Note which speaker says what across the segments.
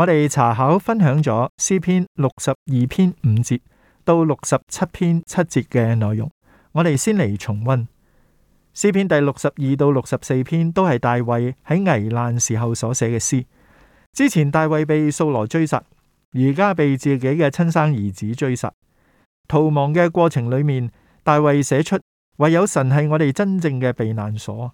Speaker 1: 我哋查考分享咗詩篇六十二篇五節到六十七篇七節嘅內容，我哋先嚟重温詩篇第六十二到六十四篇都係大衛喺危難時候所寫嘅詩。之前大衛被掃羅追殺，而家被自己嘅親生兒子追殺，逃亡嘅過程裏面，大衛寫出唯有神係我哋真正嘅避難所。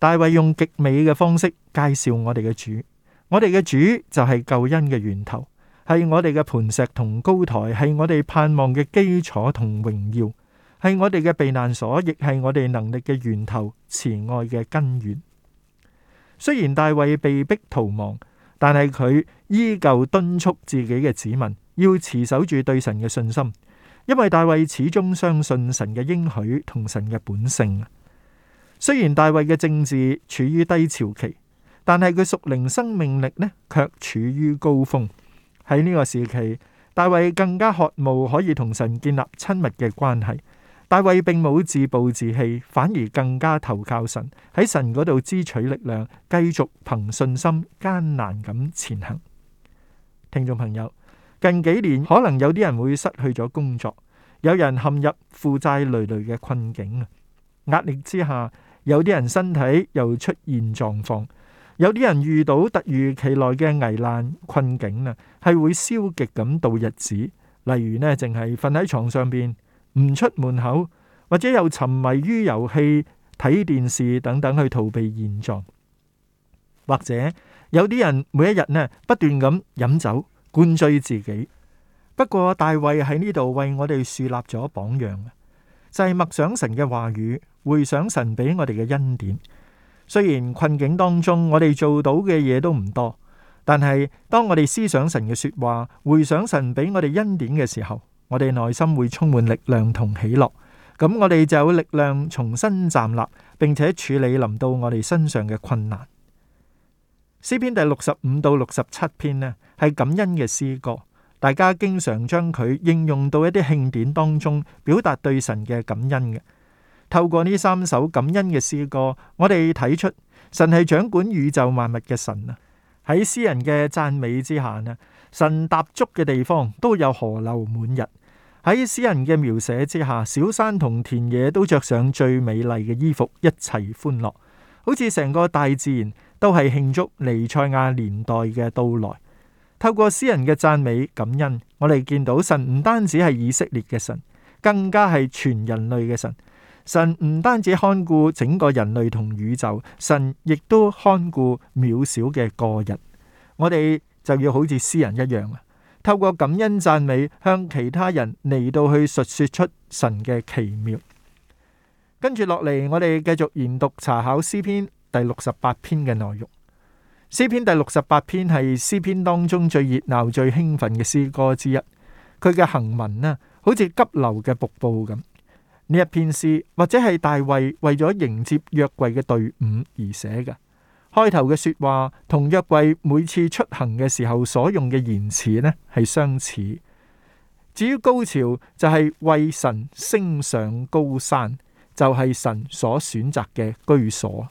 Speaker 1: 大衛用極美嘅方式介紹我哋嘅主。我哋嘅主就係救恩嘅源頭，係我哋嘅磐石同高台，係我哋盼望嘅基礎同榮耀，係我哋嘅避難所，亦係我哋能力嘅源頭、慈愛嘅根源。雖然大衛被逼逃亡，但係佢依舊敦促自己嘅子民要持守住對神嘅信心，因為大衛始終相信神嘅應許同神嘅本性啊。雖然大衛嘅政治處於低潮期。但係佢屬靈生命力呢，卻處於高峰。喺呢個時期，大衛更加渴望可以同神建立親密嘅關係。大衛並冇自暴自棄，反而更加投靠神，喺神嗰度支取力量，繼續憑信心艱難咁前行。聽眾朋友，近幾年可能有啲人會失去咗工作，有人陷入負債累累嘅困境啊。壓力之下，有啲人身體又出現狀況。有啲人遇到突如其來嘅危難困境啊，係會消極咁度日子，例如咧淨係瞓喺床上邊，唔出門口，或者又沉迷於遊戲、睇電視等等去逃避現狀。或者有啲人每一日咧不斷咁飲酒灌醉自己。不過大衛喺呢度為我哋樹立咗榜樣，就係默想神嘅話語，回想神俾我哋嘅恩典。雖然困境當中，我哋做到嘅嘢都唔多，但係當我哋思想神嘅說話，回想神俾我哋恩典嘅時候，我哋內心會充滿力量同喜樂。咁我哋就有力量重新站立，並且處理臨到我哋身上嘅困難。詩篇第六十五到六十七篇呢，係感恩嘅詩歌，大家經常將佢應用到一啲慶典當中，表達對神嘅感恩嘅。透過呢三首感恩嘅詩歌，我哋睇出神係掌管宇宙萬物嘅神啊。喺詩人嘅讚美之下啊，神踏足嘅地方都有河流滿溢。喺詩人嘅描寫之下，小山同田野都着上最美麗嘅衣服，一齊歡樂，好似成個大自然都係慶祝彌賽亞年代嘅到來。透過詩人嘅讚美感恩，我哋見到神唔單止係以色列嘅神，更加係全人類嘅神。神唔單止看顧整個人類同宇宙，神亦都看顧渺小嘅個人。我哋就要好似詩人一樣啊，透過感恩讚美，向其他人嚟到去述說出神嘅奇妙。跟住落嚟，我哋繼續研讀查考詩篇第六十八篇嘅內容。詩篇第六十八篇係詩篇當中最熱鬧、最興奮嘅詩歌之一。佢嘅行文呢，好似急流嘅瀑布咁。呢一篇詩或者係大衛為咗迎接約櫃嘅隊伍而寫嘅。開頭嘅說話同約櫃每次出行嘅時候所用嘅言辭呢，係相似。至於高潮就係、是，為神升上高山，就係、是，神所選擇嘅居所，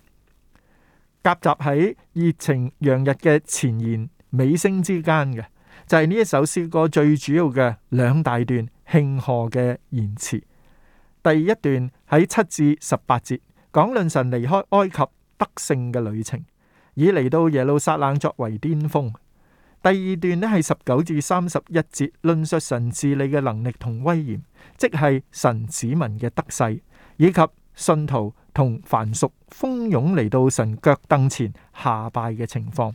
Speaker 1: 夾雜喺熱情洋溢嘅前言尾聲之間嘅，就係呢一首詩歌最主要嘅兩大段慶賀嘅言辭。第一段喺七至十八節講論神離開埃及得勝嘅旅程，以嚟到耶路撒冷作為巔峰。第二段呢係十九至三十一節，論述神治理嘅能力同威嚴，即係神子民嘅得勢，以及信徒同凡俗蜂擁嚟到神腳凳前下拜嘅情況。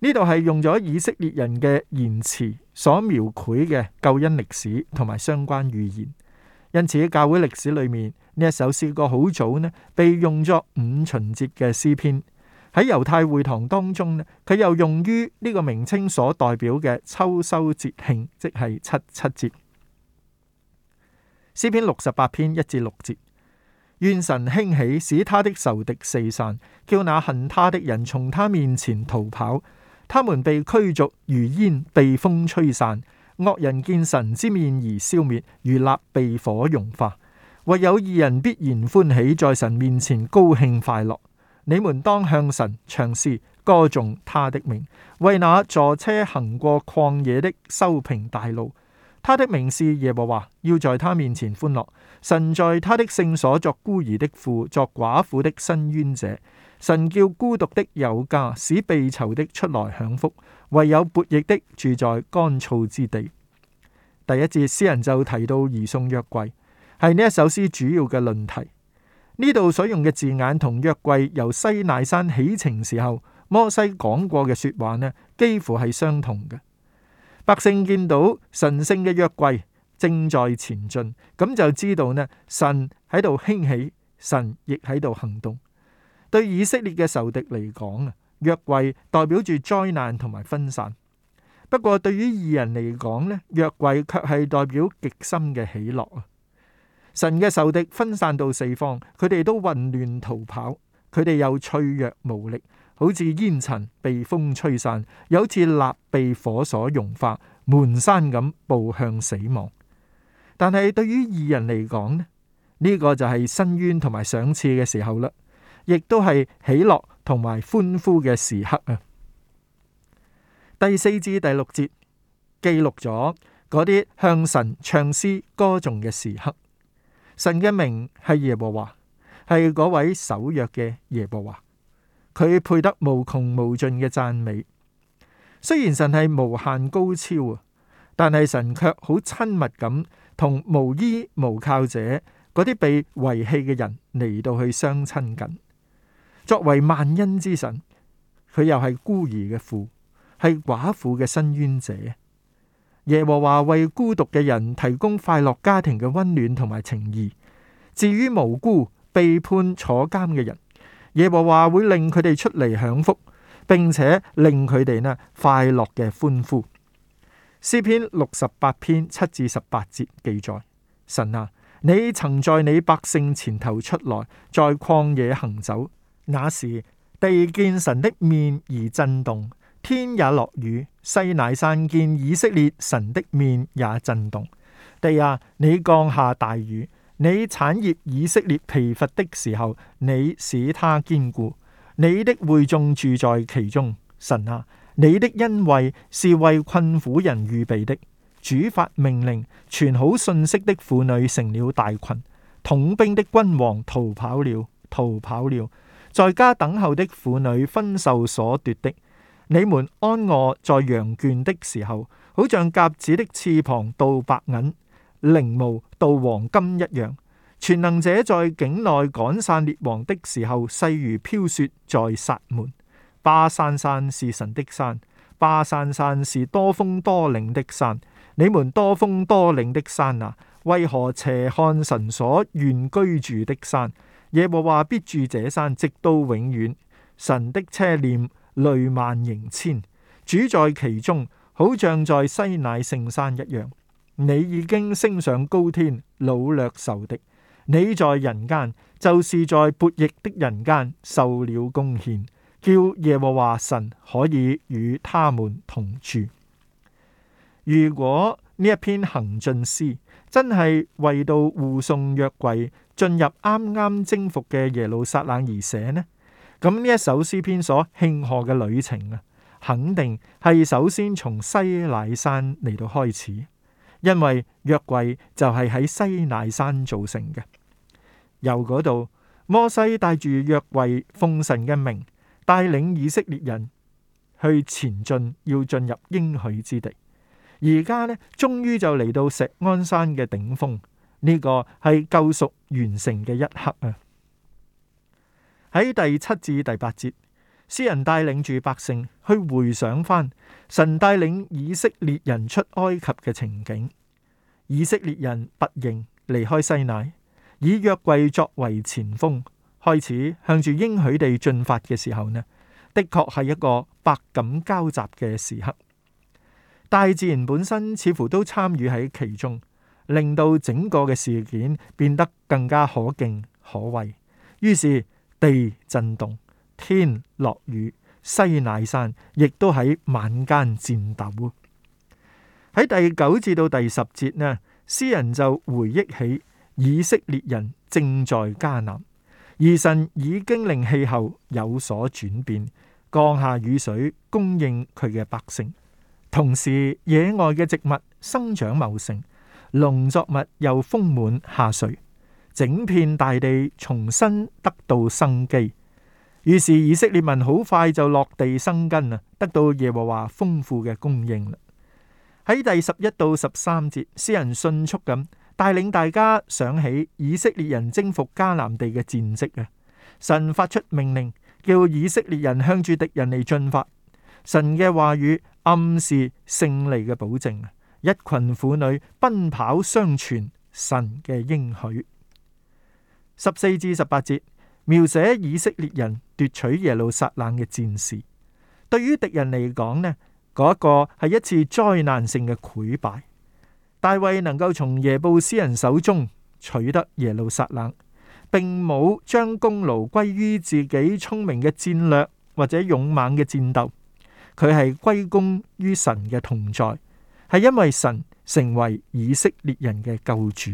Speaker 1: 呢度係用咗以色列人嘅言辭所描繪嘅救恩歷史同埋相關預言。因此喺教會歷史裏面，呢一首詩歌好早呢被用作五旬節嘅詩篇。喺猶太會堂當中呢，佢又用於呢個名稱所代表嘅秋收節慶，即係七七節。詩篇六十八篇一至六節，願神興起，使他的仇敵四散，叫那恨他的人從他面前逃跑。他們被驅逐如煙，被風吹散。惡人見神之面而消滅，如蠟被火融化；唯有義人必然歡喜，在神面前高興快樂。你們當向神唱詩，歌頌他的名，為那坐車行過曠野的修平大路。他的名是耶和華，要在他面前歡樂。神在他的聖所作孤兒的父，作寡婦的伸冤者。神叫孤獨的有家，使被囚的出來享福，唯有悖逆的住在乾燥之地。第一節詩人就提到移送約櫃，係呢一首詩主要嘅論題。呢度所用嘅字眼同約櫃由西乃山起程時候摩西講過嘅說話呢，幾乎係相同嘅。百姓見到神聖嘅約櫃正在前進，咁就知道呢神喺度興起，神亦喺度行動。對以色列嘅仇敵嚟講啊，約櫃代表住災難同埋分散。不過對於義人嚟講咧，約櫃卻係代表極深嘅喜樂啊！神嘅仇敵分散到四方，佢哋都混亂逃跑，佢哋又脆弱無力，好似煙塵被風吹散，又好似蠟被火所融化，蹣跚咁步向死亡。但係對於義人嚟講咧，呢、這個就係伸冤同埋賞賜嘅時候啦。亦都係喜樂同埋歡呼嘅時刻啊！第四至第六節記錄咗嗰啲向神唱詩歌頌嘅時刻。神嘅名係耶和華，係嗰位守約嘅耶和華。佢配得無窮無盡嘅讚美。雖然神係無限高超啊，但係神卻好親密咁同無依無靠者、嗰啲被遺棄嘅人嚟到去相親緊。作為萬恩之神，佢又係孤兒嘅父，係寡婦嘅伸冤者。耶和華為孤獨嘅人提供快樂家庭嘅溫暖同埋情誼。至於無辜被判坐監嘅人，耶和華會令佢哋出嚟享福，並且令佢哋呢快樂嘅歡呼。詩篇六十八篇七至十八節記載：神啊，你曾在你百姓前頭出來，在曠野行走。那時地見神的面而震動，天也落雨。西乃山見以色列神的面也震動。地啊，你降下大雨，你產業以色列疲乏的時候，你使他堅固。你的會眾住在其中。神啊，你的恩惠是為困苦人預備的。主發命令，傳好信息的婦女成了大群，統兵的君王逃跑了，逃跑了。在家等候的婦女分受所奪的，你們安臥在羊圈的時候，好像鴿子的翅膀到白銀，翎毛到黃金一樣。全能者在境內趕散列王的時候，勢如飄雪在撒門。巴珊山是神的山，巴珊山是多峯多嶺的山。你們多峯多嶺的山啊，為何斜看神所願居住的山？耶和華必住這山，直到永遠。神的車輦累萬盈千，主在其中，好像在西乃聖山一樣。你已經升上高天，擄掠仇敵。你在人間，就是在悖逆的人間受了供獻，叫耶和華神可以與他們同住。如果呢一篇行進詩真係為到護送約櫃，進入啱啱征服嘅耶路撒冷而寫呢？咁呢一首詩篇所慶賀嘅旅程啊，肯定係首先從西乃山嚟到開始，因為約櫃就係喺西乃山造成嘅。由嗰度，摩西帶住約櫃奉神嘅名帶領以色列人去前進，要進入應許之地。而家呢，終於就嚟到錫安山嘅頂峰。呢個係救贖完成嘅一刻啊！喺第七至第八節，詩人帶領住百姓去回想返神帶領以色列人出埃及嘅情景。以色列人拔營離開西奈，以約櫃作為前鋒，開始向住應許地進發嘅時候呢？的確係一個百感交集嘅時刻。大自然本身似乎都參與喺其中。令到整個嘅事件變得更加可敬可畏，於是地震動，天落雨，西乃山亦都喺晚間戰鬥。喺第九至到第十節呢，詩人就回憶起以色列人正在迦南，而神已經令氣候有所轉變，降下雨水供應佢嘅百姓，同時野外嘅植物生長茂盛。農作物又豐滿下垂，整片大地重新得到生機。於是以色列民好快就落地生根啊，得到耶和華豐富嘅供應啦。喺第十一到十三節，詩人迅速咁帶領大家想起以色列人征服迦南地嘅戰績啊！神發出命令，叫以色列人向住敵人嚟進發。神嘅話語暗示勝利嘅保證。一群婦女奔跑相傳，神嘅應許。十四至十八節描寫以色列人奪取耶路撒冷嘅戰事。對於敵人嚟講呢，嗰、那、一個係一次災難性嘅潰敗。大衛能夠從耶布斯人手中取得耶路撒冷，並冇將功勞歸於自己聰明嘅戰略或者勇猛嘅戰鬥，佢係歸功於神嘅同在。係因為神成為以色列人嘅救主。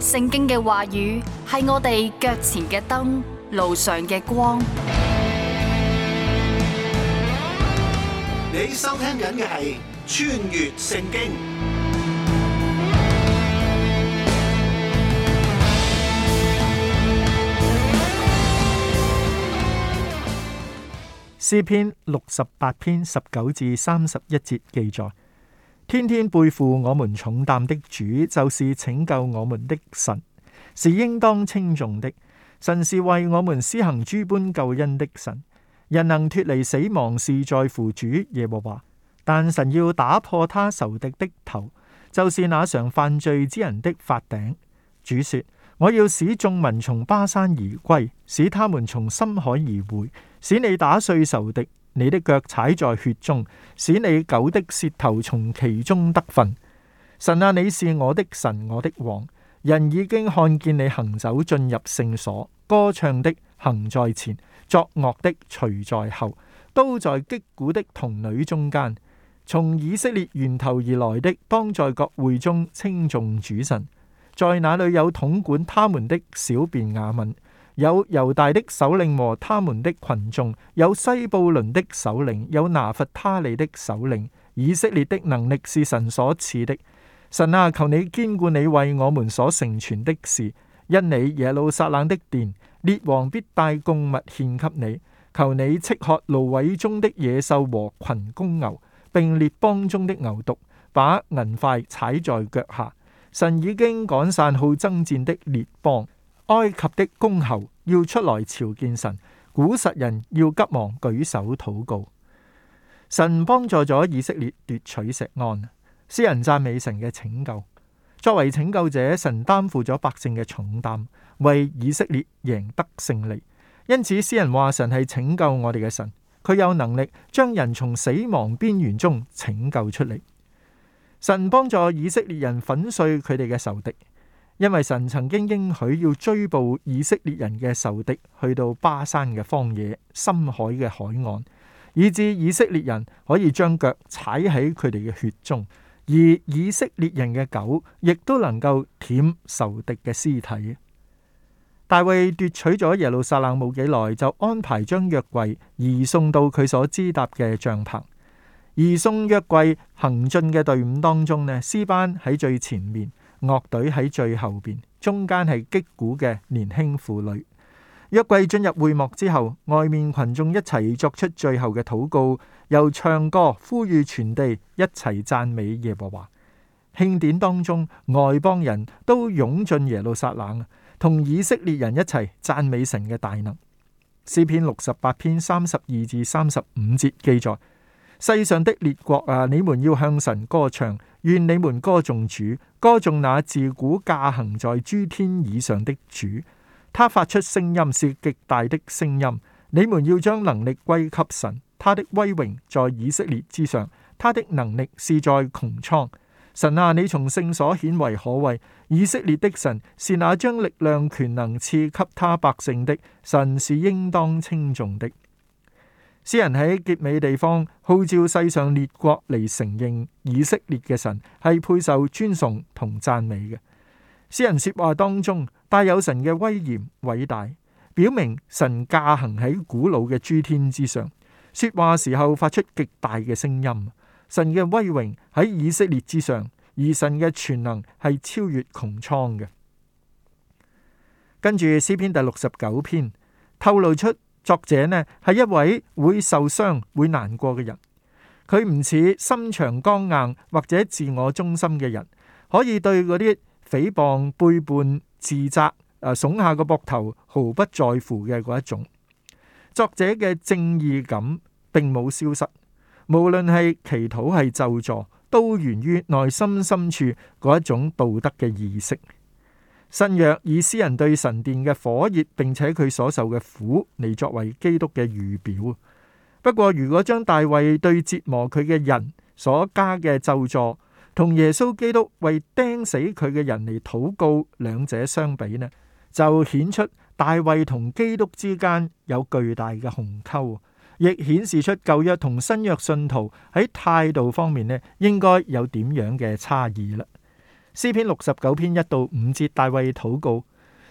Speaker 1: 聖經嘅話語係我哋腳前嘅燈，路上嘅光。你收聽緊嘅係《穿越聖經》。詩篇六十八篇十九至三十一節記載：天天背負我們重擔的主，就是拯救我們的神，是應當稱頌的神，是為我們施行諸般救恩的神。人能脱離死亡，是在乎主耶和華，但神要打破他仇敵的頭，就是那常犯罪之人的髮頂。主說：我要使眾民從巴山而歸，使他們從深海而回。使你打碎仇敵，你的腳踩在血中，使你狗的舌頭從其中得分。神啊，你是我的神，我的王。人已經看見你行走進入聖所，歌唱的行在前，作樂的隨在後，都在擊鼓的童女中間。從以色列源頭而來的，當在各會中稱頌主神。在那裏有統管他們的小便雅憫。有猶大的首領和他們的群眾，有西布倫的首領，有拿弗他利的首領。以色列的能力是神所賜的。神啊，求你堅固你為我們所成全的事，因你耶路撒冷的殿，列王必帶貢物獻給你。求你斥喝蘆葦中的野獸和群公牛，並列邦中的牛犢，把銀塊踩在腳下。神已經趕散好爭戰的列邦。埃及的公侯要出來朝見神，古實人要急忙舉手禱告。神幫助咗以色列奪取錫安，詩人讚美神嘅拯救。作為拯救者，神擔負咗百姓嘅重擔，為以色列贏得勝利。因此，詩人話神係拯救我哋嘅神，佢有能力將人從死亡邊緣中拯救出嚟。神幫助以色列人粉碎佢哋嘅仇敵。因為神曾經應許要追捕以色列人嘅仇敵，去到巴山嘅荒野，深海嘅海岸，以致以色列人可以將腳踩喺佢哋嘅血中，而以色列人嘅狗亦都能夠舔仇敵嘅屍體。大衛奪取咗耶路撒冷冇幾耐，就安排將約櫃移送到佢所支搭嘅帳篷。移送約櫃行進嘅隊伍當中，呢，詩班喺最前面。樂隊喺最後邊，中間係擊鼓嘅年輕婦女。約櫃進入會幕之後，外面群眾一齊作出最後嘅禱告，又唱歌呼籲全地一齊讚美耶和華。慶典當中，外邦人都湧進耶路撒冷同以色列人一齊讚美神嘅大能。詩篇六十八篇三十二至三十五節記載。世上的列國啊，你們要向神歌唱，願你們歌頌主，歌頌那自古駕行在諸天以上的主。他發出聲音是極大的聲音，你們要將能力歸給神，他的威榮在以色列之上，他的能力是在穹蒼。神啊，你從聖所顯為可畏，以色列的神是那將力量權能賜給他百姓的神，是應當稱頌的。詩人喺結尾地方號召世上列國嚟承認以色列嘅神係配受尊崇同讚美嘅。詩人說話當中帶有神嘅威嚴偉大，表明神駕行喺古老嘅諸天之上。說話時候發出極大嘅聲音，神嘅威榮喺以色列之上，而神嘅全能係超越穹蒼嘅。跟住詩篇第六十九篇透露出。作者呢係一位會受傷、會難過嘅人，佢唔似心腸剛硬或者自我中心嘅人，可以對嗰啲誹謗、背叛、自責誒、呃、聳下個膊頭毫不在乎嘅嗰一種。作者嘅正義感並冇消失，無論係祈禱係咒詛，都源於內心深處嗰一種道德嘅意識。新約以詩人對神殿嘅火熱，並且佢所受嘅苦，嚟作為基督嘅預表。不過，如果將大衛對折磨佢嘅人所加嘅咒詛，同耶穌基督為釘死佢嘅人嚟禱告，兩者相比呢，就顯出大衛同基督之間有巨大嘅鴻溝，亦顯示出舊約同新約信徒喺態度方面呢，應該有點樣嘅差異啦。詩篇六十九篇一到五節，大衛禱告：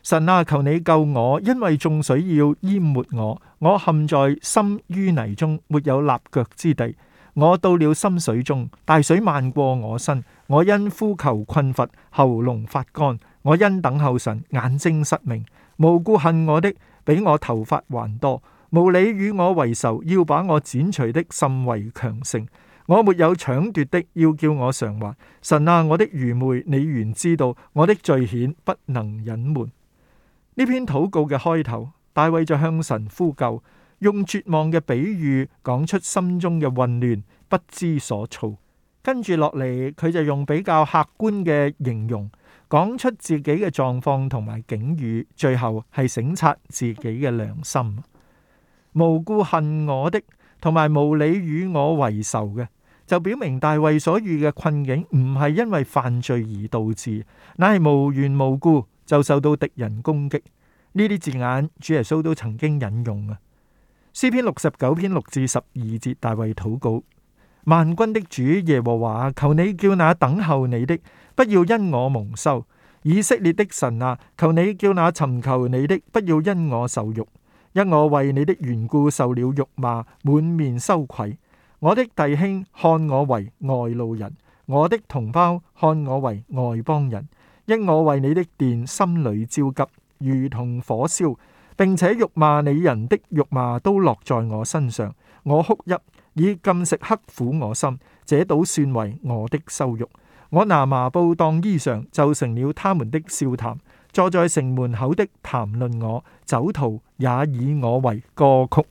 Speaker 1: 神啊，求你救我，因為眾水要淹沒我，我陷在深淤泥中，沒有立腳之地。我到了深水中，大水漫過我身，我因呼求困乏，喉嚨發乾。我因等候神，眼睛失明。無故恨我的，比我頭髮還多；無理與我為仇，要把我剪除的甚為強盛。我沒有搶奪的，要叫我償還。神啊，我的愚昧，你原知道，我的罪愆不能隱瞞。呢篇禱告嘅開頭，大衛就向神呼救，用絕望嘅比喻講出心中嘅混亂、不知所措。跟住落嚟，佢就用比較客觀嘅形容講出自己嘅狀況同埋境遇，最後係省察自己嘅良心。無故恨我的，同埋無理與我為仇嘅，就表明大衛所遇嘅困境唔係因為犯罪而導致，乃係無緣無故就受到敵人攻擊。呢啲字眼，主耶穌都曾經引用啊。詩篇六十九篇六至十二節大，大衛禱告：萬軍的主耶和華，求你叫那等候你的，不要因我蒙羞；以色列的神啊，求你叫那尋求你的，不要因我受辱。因我為你的緣故受了辱罵，滿面羞愧。我的弟兄看我為外路人，我的同胞看我為外邦人，因我為你的殿心裏焦急，如同火燒，並且辱罵你人的辱罵都落在我身上，我哭泣以禁食刻苦我心，這倒算為我的羞辱。我拿麻布當衣裳，就成了他們的笑談，坐在城門口的談論我，酒徒也以我為歌曲。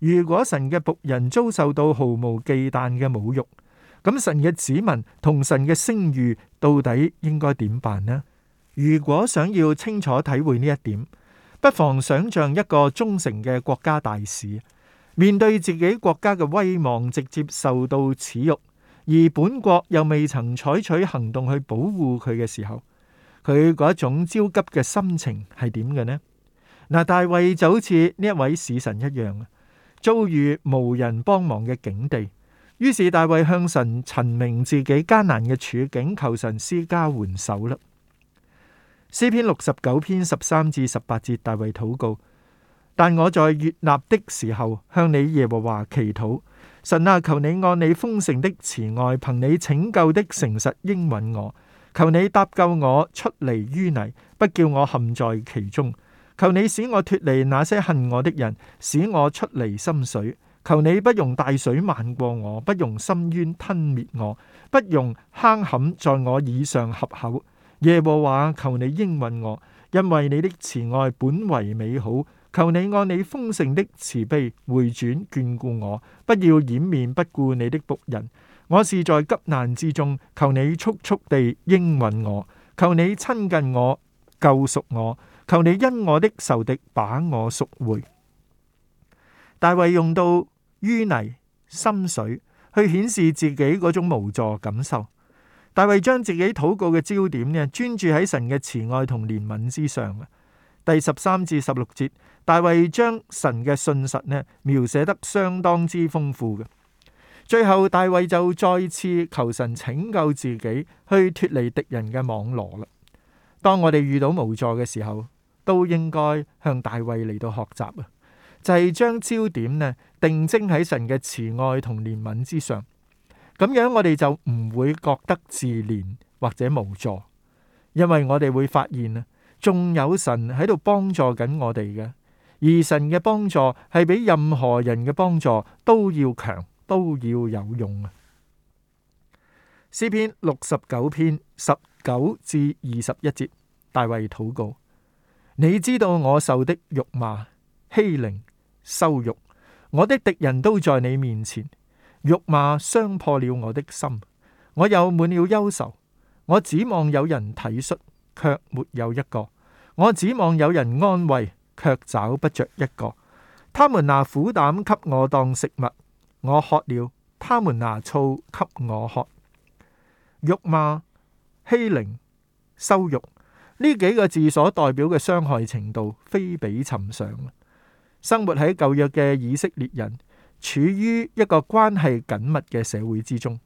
Speaker 1: 如果神嘅僕人遭受到毫無忌憚嘅侮辱，咁神嘅子民同神嘅聲譽到底應該點辦呢？如果想要清楚體會呢一點，不妨想象一個忠誠嘅國家大使面對自己國家嘅威望直接受到恥辱，而本國又未曾採取行動去保護佢嘅時候，佢嗰種焦急嘅心情係點嘅呢？嗱，大衛就好似呢一位使臣一樣。遭遇無人幫忙嘅境地，於是大衛向神陳明自己艱難嘅處境，求神施加援手啦。詩篇六十九篇十三至十八節，大衛禱告，但我在悦納的時候，向你耶和華祈禱，神啊，求你按你豐盛的慈愛，憑你拯救的誠實應允我，求你搭救我，出離淤泥，不叫我陷在其中。求你使我脫離那些恨我的人，使我出離深水。求你不用大水漫過我，不用深淵吞滅我，不用坑坎在我以上合口。耶和華，求你應允我，因為你的慈愛本為美好。求你按你豐盛的慈悲回轉眷顧我，不要掩面不顧你的僕人。我是在急難之中，求你速速地應允我，求你親近我，救贖我。求你因我的仇敵把我贖回。大衛用到淤泥、深水去顯示自己嗰種無助感受。大衛將自己禱告嘅焦點呢，專注喺神嘅慈愛同憐憫之上。第十三至十六節，大衛將神嘅信實呢，描寫得相當之豐富嘅。最後，大衛就再次求神拯救自己，去脫離敵人嘅網羅啦。當我哋遇到無助嘅時候，都應該向大衛嚟到學習啊！就係、是、將焦點呢定睛喺神嘅慈愛同憐憫之上，咁樣我哋就唔會覺得自憐或者無助，因為我哋會發現啊，仲有神喺度幫助緊我哋嘅，而神嘅幫助係比任何人嘅幫助都要強，都要有用啊！詩篇六十九篇十九至二十一節，大衛禱告。你知道我受的辱罵、欺凌、羞辱，我的敵人都在你面前，辱罵傷破了我的心，我又滿了憂愁，我指望有人體恤，卻沒有一個；我指望有人安慰，卻找不着一個。他們拿苦膽給我當食物，我喝了；他們拿醋給我喝，辱罵、欺凌、羞辱。呢幾個字所代表嘅傷害程度非比尋常。生活喺舊約嘅以色列人處於一個關係緊密嘅社會之中，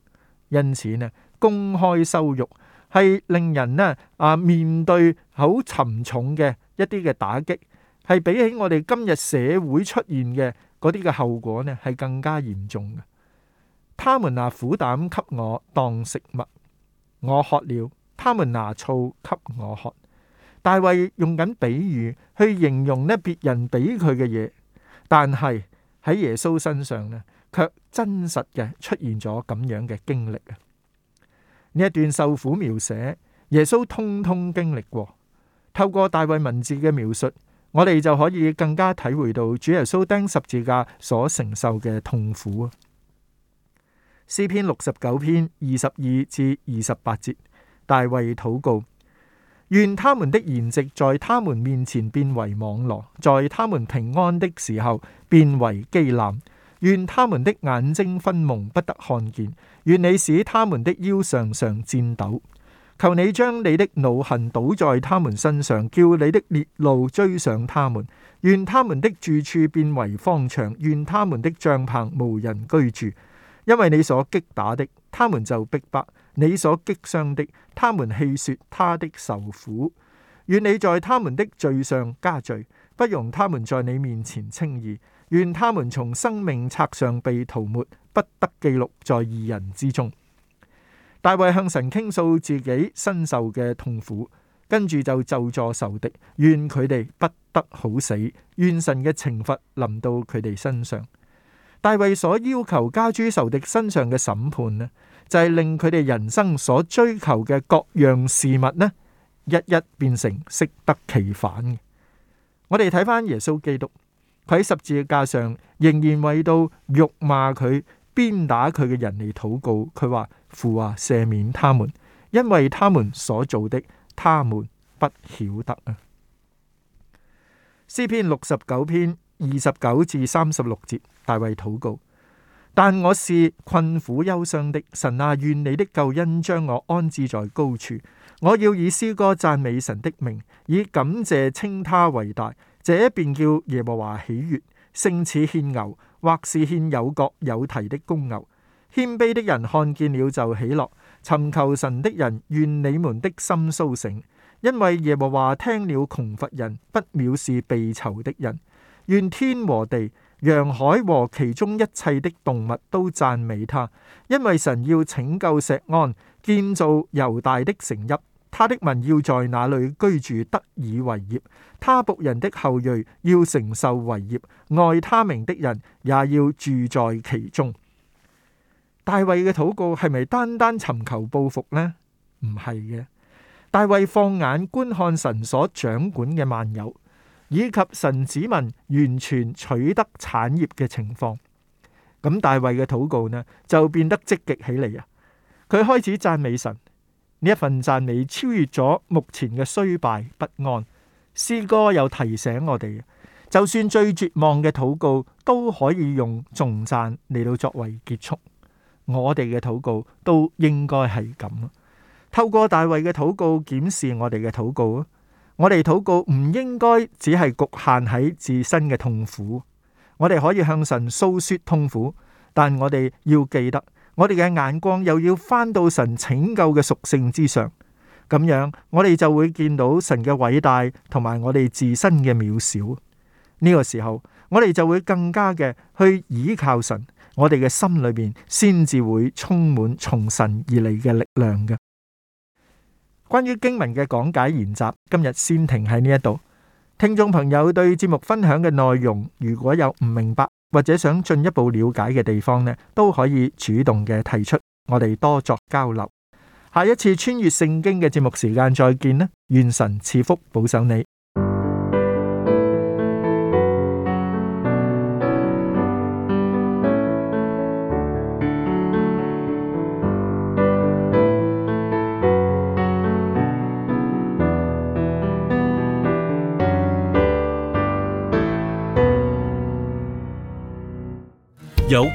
Speaker 1: 因此呢，公開羞辱係令人呢啊，面對好沉重嘅一啲嘅打擊，係比起我哋今日社會出現嘅嗰啲嘅後果呢係更加嚴重嘅。他們拿苦膽給我當食物，我喝了，他們拿醋給我喝。大衛用緊比喻去形容咧別人俾佢嘅嘢，但係喺耶穌身上咧，卻真實嘅出現咗咁樣嘅經歷啊！呢一段受苦描寫，耶穌通通經歷過。透過大衛文字嘅描述，我哋就可以更加體會到主耶穌釘十字架所承受嘅痛苦啊！詩篇六十九篇二十二至二十八節，大衛禱告。願他們的筵席在他們面前變為網羅，在他們平安的時候變為機檻。願他們的眼睛昏蒙，不得看見。願你使他們的腰常常戰抖。求你將你的惱恨倒在他們身上，叫你的烈怒追上他們。願他們的住處變為荒場，願他們的帳篷無人居住，因為你所擊打的，他們就逼迫。你所擊傷的，他們戲說他的愁苦，願你在他們的罪上加罪，不容他們在你面前稱義。願他們從生命冊上被塗抹，不得記錄在義人之中。大衛向神傾訴自己身受嘅痛苦，跟住就咒詛仇敵，怨佢哋不得好死，怨神嘅懲罰臨到佢哋身上。大衛所要求加諸仇敵身上嘅審判呢？就係令佢哋人生所追求嘅各樣事物呢，一一變成適得其反。我哋睇翻耶穌基督，佢喺十字架上仍然為到辱罵佢、鞭打佢嘅人嚟禱告。佢話父啊，赦免他們，因為他們所做的，他們不曉得啊。詩篇六十九篇二十九至三十六節，大衛禱告。但我是困苦憂傷的，神啊，願你的救恩將我安置在高處。我要以詩歌讚美神的名，以感謝稱祂為大。這便叫耶和華喜悦，勝似獻牛，或是獻有角有蹄的公牛。謙卑的人看見了就喜樂，尋求神的人，願你們的心甦醒，因為耶和華聽了窮乏人，不藐視被囚的人。願天和地。洋海和其中一切的動物都讚美他，因為神要拯救錫安，建造猶大的城邑，他的民要在那裏居住，得以為業。他僕人的後裔要承受為業，愛他名的人也要住在其中。大衛嘅禱告係咪單單尋求報復呢？唔係嘅，大衛放眼觀看神所掌管嘅萬有。以及神子民完全取得產業嘅情況，咁大衛嘅禱告呢就變得積極起嚟啊！佢開始讚美神，呢一份讚美超越咗目前嘅衰敗不安。詩歌又提醒我哋，就算最絕望嘅禱告都可以用頌讚嚟到作為結束。我哋嘅禱告都應該係咁。透過大衛嘅禱告檢視我哋嘅禱告。我哋禱告唔應該只係局限喺自身嘅痛苦，我哋可以向神訴說痛苦，但我哋要記得，我哋嘅眼光又要返到神拯救嘅屬性之上，咁樣我哋就會見到神嘅偉大，同埋我哋自身嘅渺小。呢個時候，我哋就會更加嘅去倚靠神，我哋嘅心裏面先至會充滿從神而嚟嘅力量嘅。關於經文嘅講解研習，今日先停喺呢一度。聽眾朋友對節目分享嘅內容，如果有唔明白或者想進一步了解嘅地方呢，都可以主動嘅提出，我哋多作交流。下一次穿越聖經嘅節目時間再見啦！願神賜福保守你。